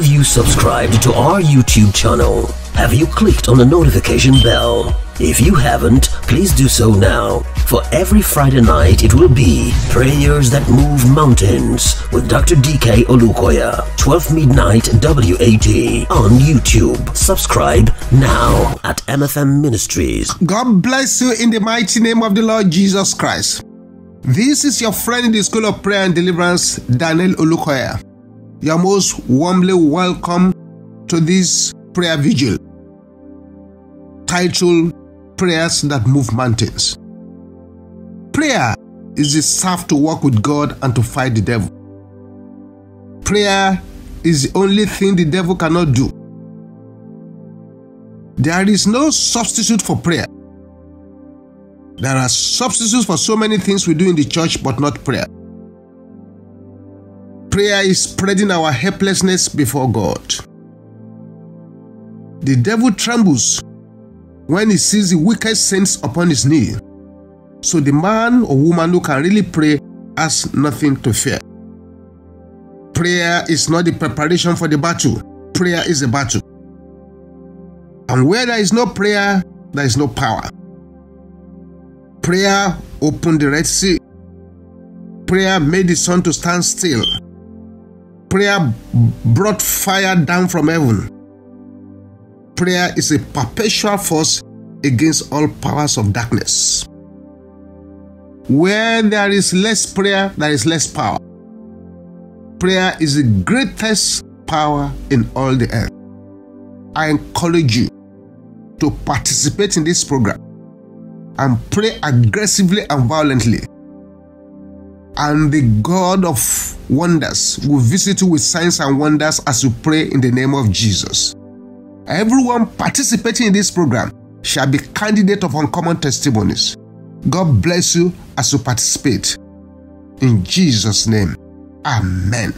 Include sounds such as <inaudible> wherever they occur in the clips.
Have you subscribed to our YouTube channel? Have you clicked on the notification bell? If you haven't, please do so now. For every Friday night, it will be Prayers That Move Mountains with Dr. DK Olukoya, 12 midnight WAT on YouTube. Subscribe now at MFM Ministries. God bless you in the mighty name of the Lord Jesus Christ. This is your friend in the School of Prayer and Deliverance, Daniel Olukoya. You are most warmly welcome to this prayer vigil titled Prayers That Move Mountains. Prayer is the staff to work with God and to fight the devil. Prayer is the only thing the devil cannot do. There is no substitute for prayer. There are substitutes for so many things we do in the church, but not prayer. Prayer is spreading our helplessness before God. The devil trembles when he sees the wicked saints upon his knee. So the man or woman who can really pray has nothing to fear. Prayer is not the preparation for the battle. Prayer is the battle. And where there is no prayer, there is no power. Prayer opened the Red Sea. Prayer made the sun to stand still. Prayer brought fire down from heaven. Prayer is a perpetual force against all powers of darkness. Where there is less prayer, there is less power. Prayer is the greatest power in all the earth. I encourage you to participate in this program and pray aggressively and violently and the God of wonders will visit you with signs and wonders as you pray in the name of Jesus. Everyone participating in this program shall be candidate of uncommon testimonies. God bless you as you participate. In Jesus' name, Amen.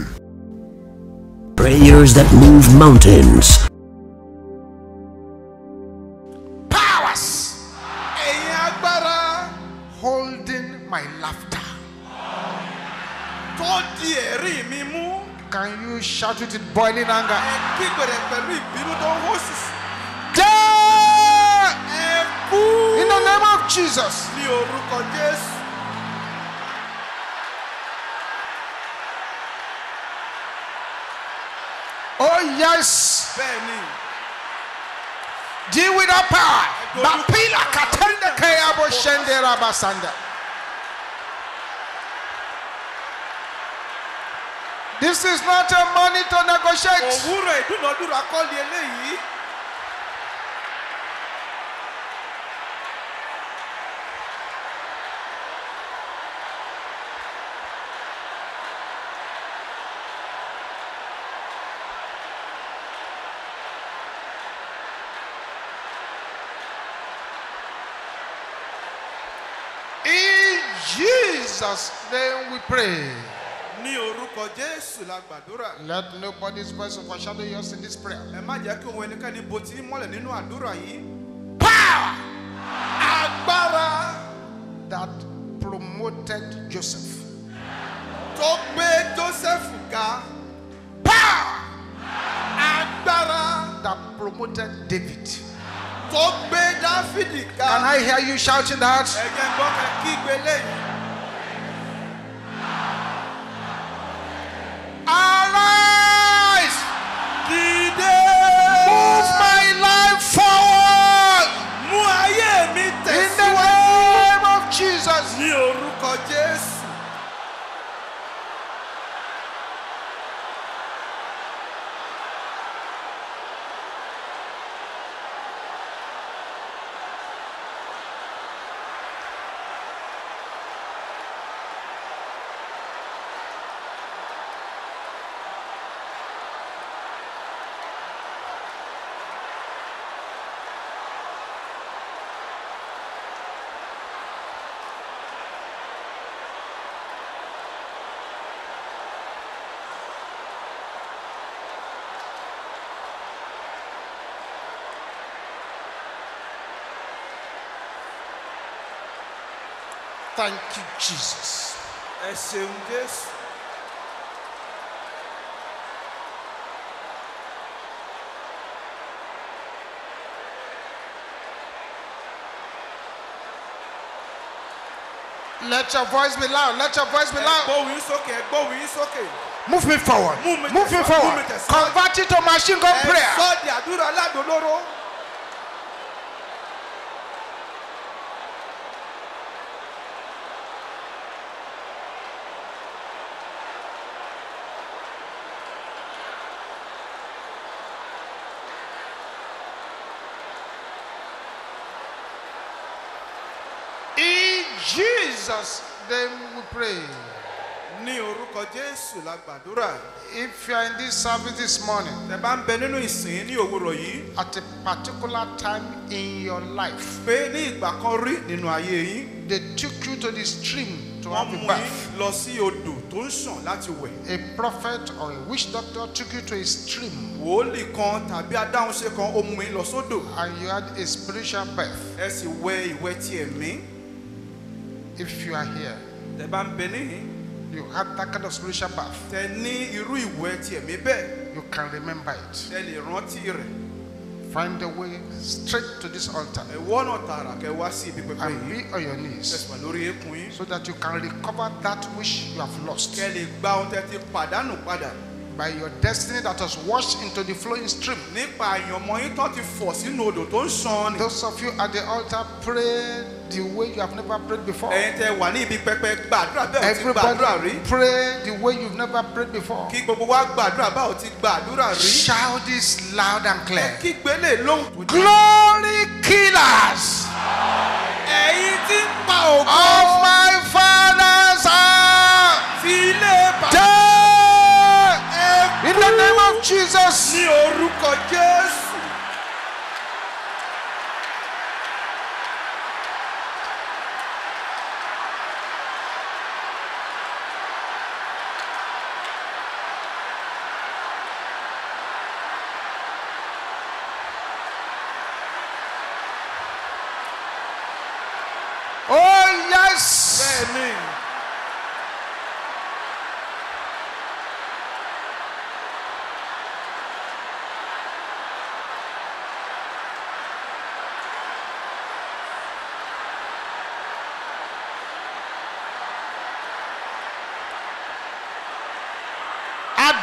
Prayers that move mountains. shout it in boiling anger. In the name of Jesus. Oh, yes. Deal with our power. This is not a money to negotiate. Òwúrọ̀ ìdúnàdúrà kọ́ ni eléyìí. In Jesus' name we pray. Ní o orúkọ Jésù la gbàdúrà. Let nobody's voice overshadow yours in this prayer. Ẹ má jẹ́ kí òun ẹnikẹ́ni bo ti mọ́lẹ̀ nínú àdúrà yìí. Power! Agbára! That promoted Joseph. Tó gbé Joseph ga. Power! Agbára! That promoted David. Tó gbé Dáfídì ga. Can I hear you shouting that? Ẹ̀jẹ̀ gbọ́ kẹ́ kígbe lẹ́yìn. Lord Thank you, Jesus. Ẹ ṣeun um Let your voice be loud. Let your voice be loud. Ẹ̀gbọ́n yín sókè. Ẹ̀gbọ́n yín sókè. Move me forward. Move me forward. Convert it to machine gun prayer. Jesus' name we pray. Ní orúkọ Jésù la gbàdúrà. If you are in this service this morning. Tẹ́ bá ń bẹ nínú ìsìn ní òwúrọ̀ yìí. At a particular time in your life. Pé ní ìgbà kan rí nínú ayé yín. They took you to the stream to have a bath. lọ sí odò tó ń sàn láti wẹ̀. a prophet or a witch doctor took you to a stream. wòlíì kan tàbí adáhunṣe kan ó mú yín lọ sódò. and you had a spiritual birth. ẹ sì wẹ ìwẹ̀ ti ẹ̀mí. if you are here, you had that kind of spiritual bath. you can remember it. Find a way straight to this altar. And be on your knees so that you can recover that which you have lost. by your destiny that was washed into the flowing stream. nípa àyànmọ́ yín tó ti fọ̀ sínú odò tó ń ṣàn ni. those of you at the altar pray the way you have never prayed before. ẹ̀yin tẹ́ wà ní ibi pẹpẹ gbàdúrà bẹ́ẹ̀ ò ti gbàdúrà rí. everybody pray the way you never prayed before. kí gbogbo wa gbàdúrà bá ò ti gbàdúrà rí. shout this loud and clear. kí gbélé lóhùn. glory killers. ẹ̀yin tí ń pa ògo. ọmọ In the name of Jesus.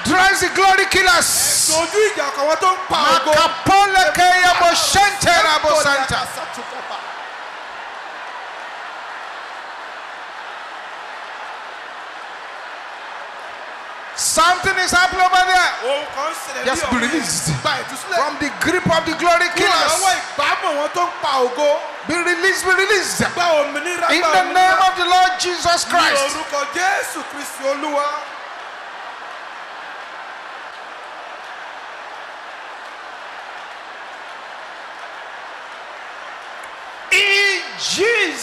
drives the glory killers. Something is happening over there. Oh, Just be released from the grip of the glory ah killers. Be released, be released. In the name of the Lord Jesus Christ.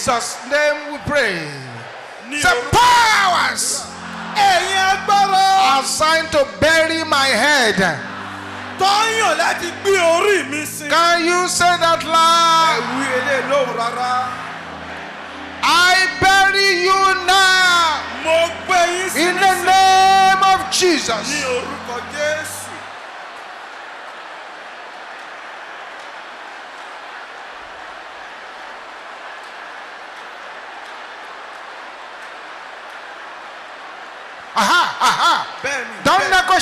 Jesus' name we pray. The powers assigned to bury my head. Can you say that loud? I bury you now in the name of Jesus.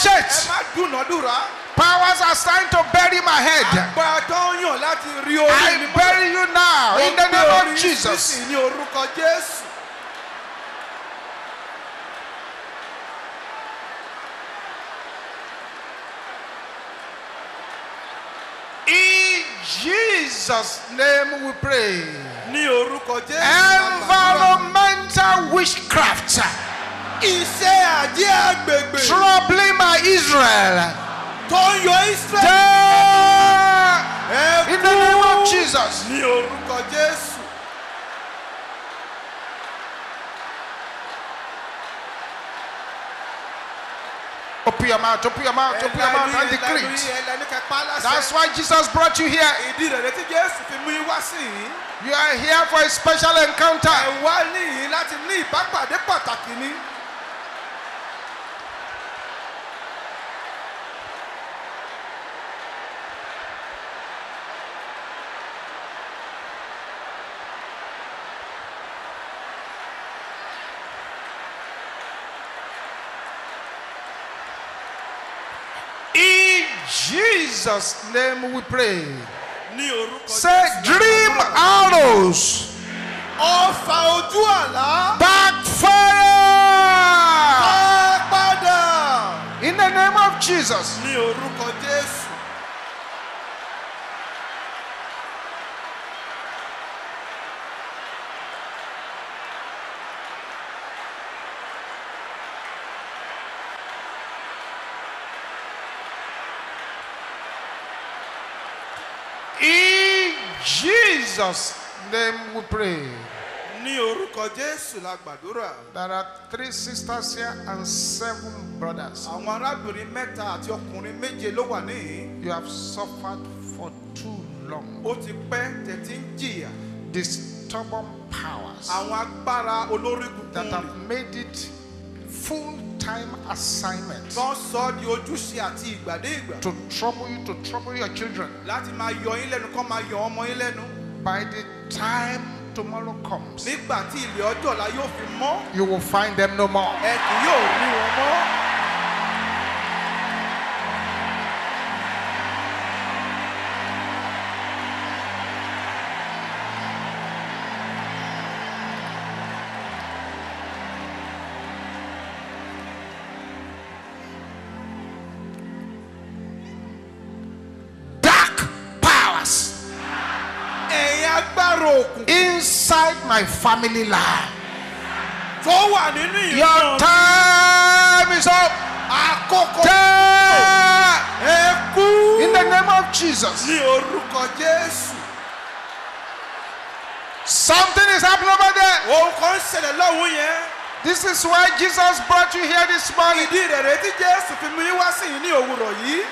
negotiate. Powers are trying to bury my head. I bury you now in the name of Jesus. In Jesus' name we pray. Environmental witchcraft. Troubling my Israel. Turn your Israel. In the name of Jesus. Open your mouth, open your mouth, open your mouth and decree. That's why Jesus brought you here. You are here for a special encounter. Jesus' name we pray. Say, dream arrows. Ọfà ojú Backfire. In the name of Jesus. Jesus' name we pray. Ní orúkọ Jésù la gbàdúrà. There are three sisters here and seven brothers. Àwọn arábìnrin mẹ́ta àti ọkùnrin méje ló wà níhìn. You have suffered for too long. Ó ti pẹ́ tẹ̀tí ń jìyà. The powers. Àwọn agbára olórí kúkú. That have made it full time assignment. Wọ́n sọ di ojúṣe àti ìgbàdégbà. To trouble you to trouble your children. Láti máa yọ yín lẹ́nu kán máa yọ ọmọ yín lẹ́nu. by the time tomorrow comes, you will find them no more. family life. your time is up. àkókò tẹ́ in the name of Jesus. ní orúkọ Jésù. Something is happening over there. Ohun kan ṣẹlẹ̀ lọ́hùn yẹn. This is why Jesus brought you here this morning. Ìdí rẹ̀ rẹ̀ tí Jésù fi mú yín wá sí yìí ní òwúrọ̀ yìí.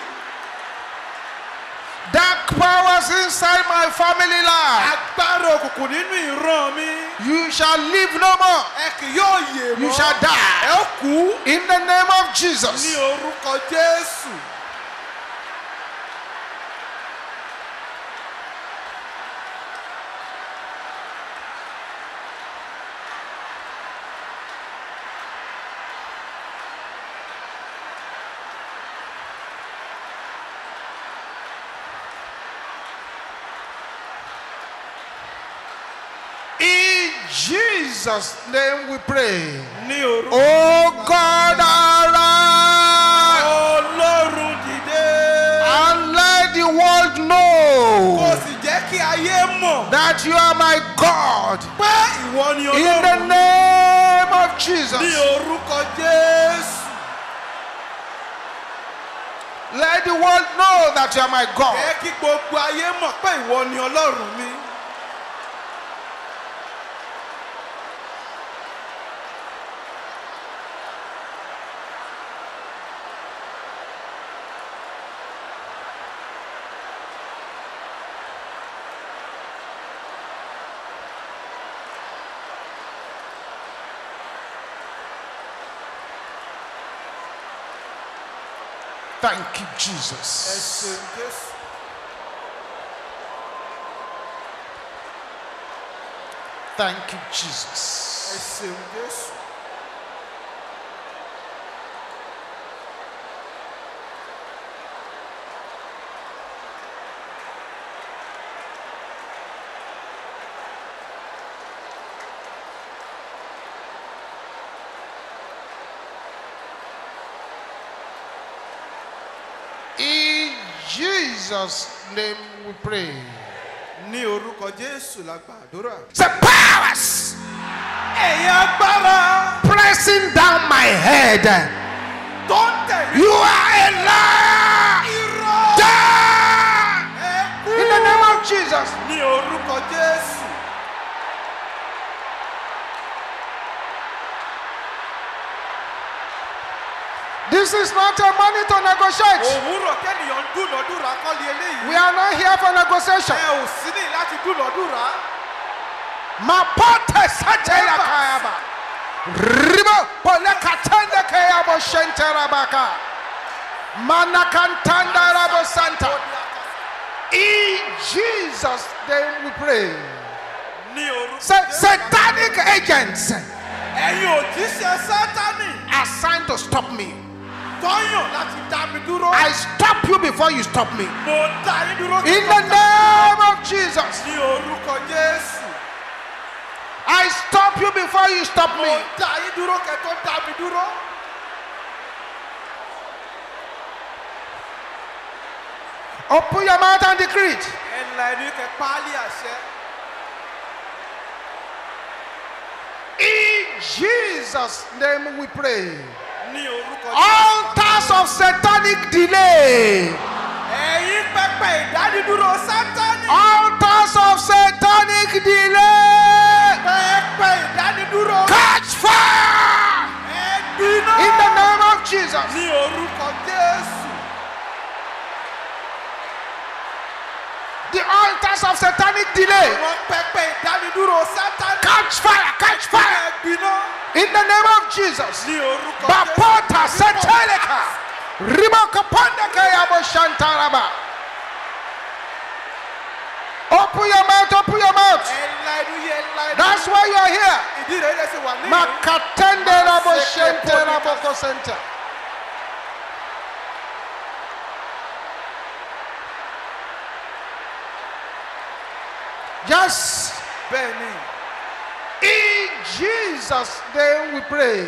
Dark powers inside my family life. Agbára òkùnkùn nínú ìran mi. You shall live no more. Ẹ kì yóò yè mọ́. You shall die. Ẹ kú. In the name of Jesus. Ní orúkọ Jésù. Jesus' name we pray. Oh God, arise. Ọlọ́run dìde. And let the world know. That you are my God. In the name of Jesus. Let the world know that you are my God. Thank you, Jesus. Thank you, Jesus. Jesus' name we pray. Ní orúkọ la powers. Pressing down my head. You are a liar. In the name of Jesus. This is not a money to negotiate. Oh, we are not here for negotiation. Ẹ ò sí ní láti dúnàdúrà. Màpọ́tẹ̀ sẹ́jẹ̀rẹ̀ kàyàbà. Rímọ̀ pọ̀lẹ́kàtẹ́ndẹ̀ kẹ́yàbọ̀ ṣẹ́ntẹ́rabàkà. Manakantandarabo Santa. In Jesus' name we pray. satanic agents eh, assigned to stop me I stop you before you stop me. In the name of Jesus. I stop you before you stop me. Open your mouth and decree it. In Jesus' name we pray. Altars of satanic delay. Altars of satanic delay. Catch fire. In the name of Jesus. the altars of satanic delay. Catch fire, catch fire. In the name of Jesus. Bapota Santeleka. Ribakapandaka Yabo Shantaraba. Open your mouth, open your mouth. That's why you are here. Makatende Rabo Shente Raboko Center. Just Bẹ́ẹ̀ni. In Jesus' name we pray.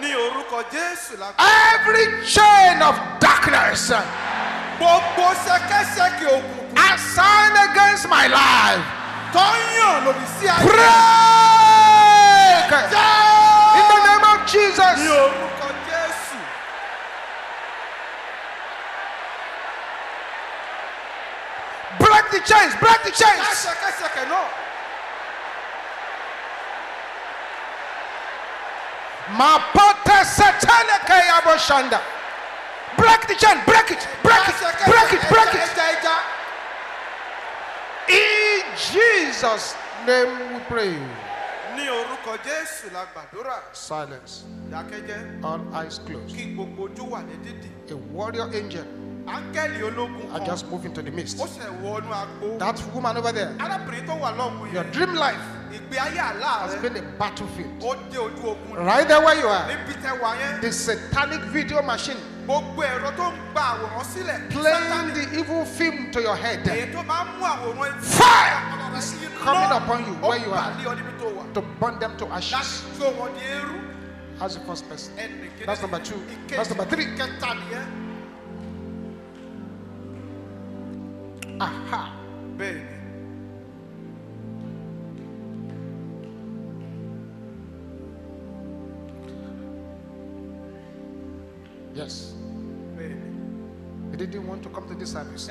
Ní orúkọ Jésù la. Every chain of darkness. Gbogbo ṣẹ̀kẹ̀ṣẹ̀kẹ̀ òkùnkùn. Assigned against my life. Tọ́yàn lòdì sí ayé. Break. Yeah. the chains, break the chains. Ṣẹ̀kẹ̀ṣẹ̀kẹ̀ náà. Mapote setele keyabo shanda. Break the chain, break it, break it, break it, break it. In Jesus' name we pray. Silence. All eyes closed. A warrior angel. I just moved into the mist. That woman over there, your dream life has been a battlefield. Right there where you are, the satanic video machine playing the evil film to your head. Fire is coming upon you where you are to burn them to ashes. That's the first person. That's number two. That's number three. aha bẹ́ẹ̀ Yes. Bẹ́ẹ̀ ni. You didn't want to come to this service.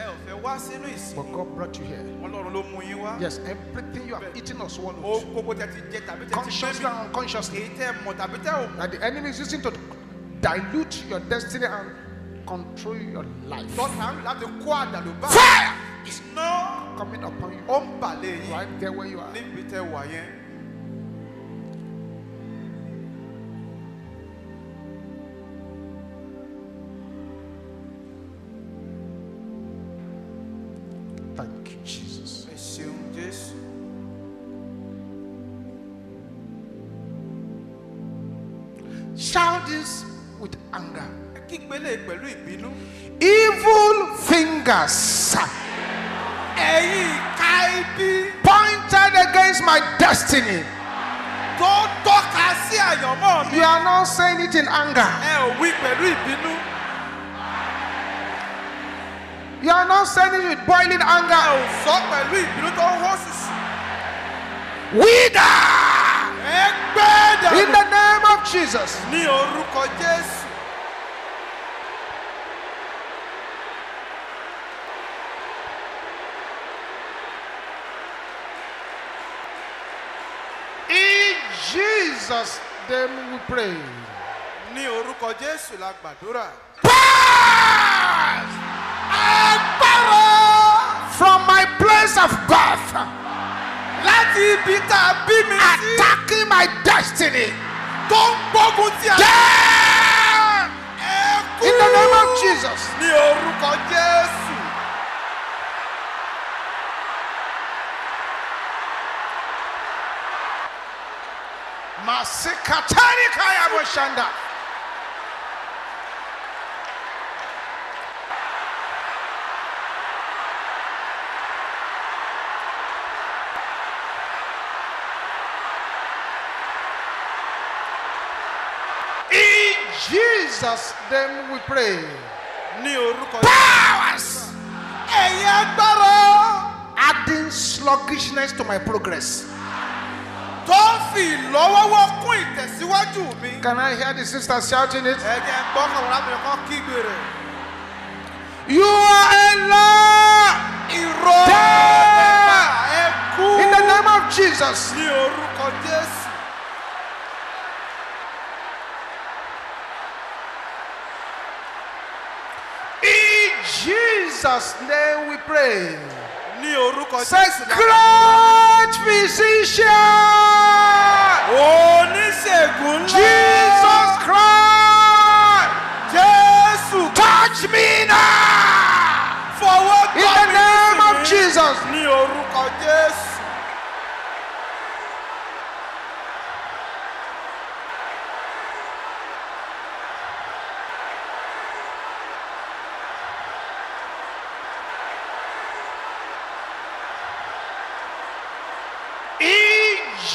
But God brought you here. Yes, everything you have eaten or swallowed. Consciously and unconsciously. That the enemy is using to dilute your destiny and control your life. Fire! is now coming upon you. Right there where you are. Don't talk as your mom. You are not saying it in anger. You are not saying it with boiling anger. die In the name of Jesus. Jesus' name we pray. Ní orúkọ Jésù la gbàdúrà. Pass! Agbára! From my place of birth. Láti ibi tá a bí mi sí. Attacking my destiny. Tó ń gbógun ti àná. Ẹ kú! In the name of Jesus. Ní orúkọ Jésù. masikatari kaya boshanda In Jesus' then we pray. Powers! Adding sluggishness to my progress fi ìlọ́wọ́wọ́ kún ìtẹ̀síwájú mi. Can I hear the sister shouting it? Ẹ jẹ́ gbọ́ kọ̀ọ̀rọ̀ àbẹ̀rẹ̀ kan kígbe rẹ̀. You are a liar. In the name of Jesus. Ní orúkọ Jésù. Jesus' name we pray. Ní orúkọ Jésù. Say, great physician. Oníṣègùn ńlá. Jesus Christ. Jésù. Touch me now. Fọwọ́ gbà mí nísìnyí. In the name of Jesus. Ní orúkọ Jésù.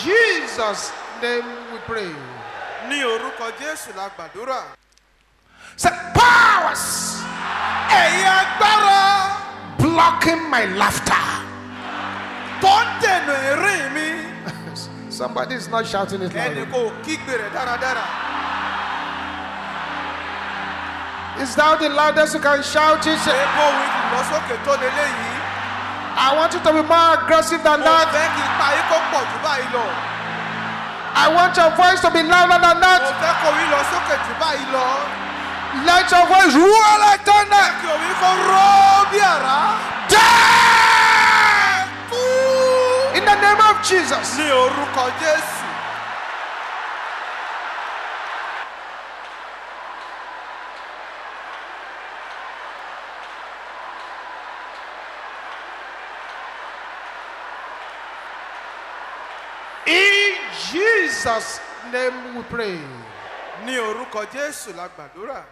Jesus name we pray. Ní orúkọ Jésù la gbàdúrà. Say powers. Ẹ̀yin agbára. Blocking my laughter. Tó ń dènà ẹ̀rín mi. <laughs> Somebody is not shouting it loud Ẹnì kò kígbe rẹ̀ dáradára. Is that the loudest you can shout it? Ebo wí ìlọsókè tó lélẹ́yìí. I want you to be more aggressive than that. Mo fẹ́ kí ipa yín kó pọ̀ jù báyìí lọ. I want your voice to be louder than that. Let your voice roar like thunder. Death! In the name of Jesus. Jesus' name we pray. Ní orúkọ Jésù la gbàdúrà.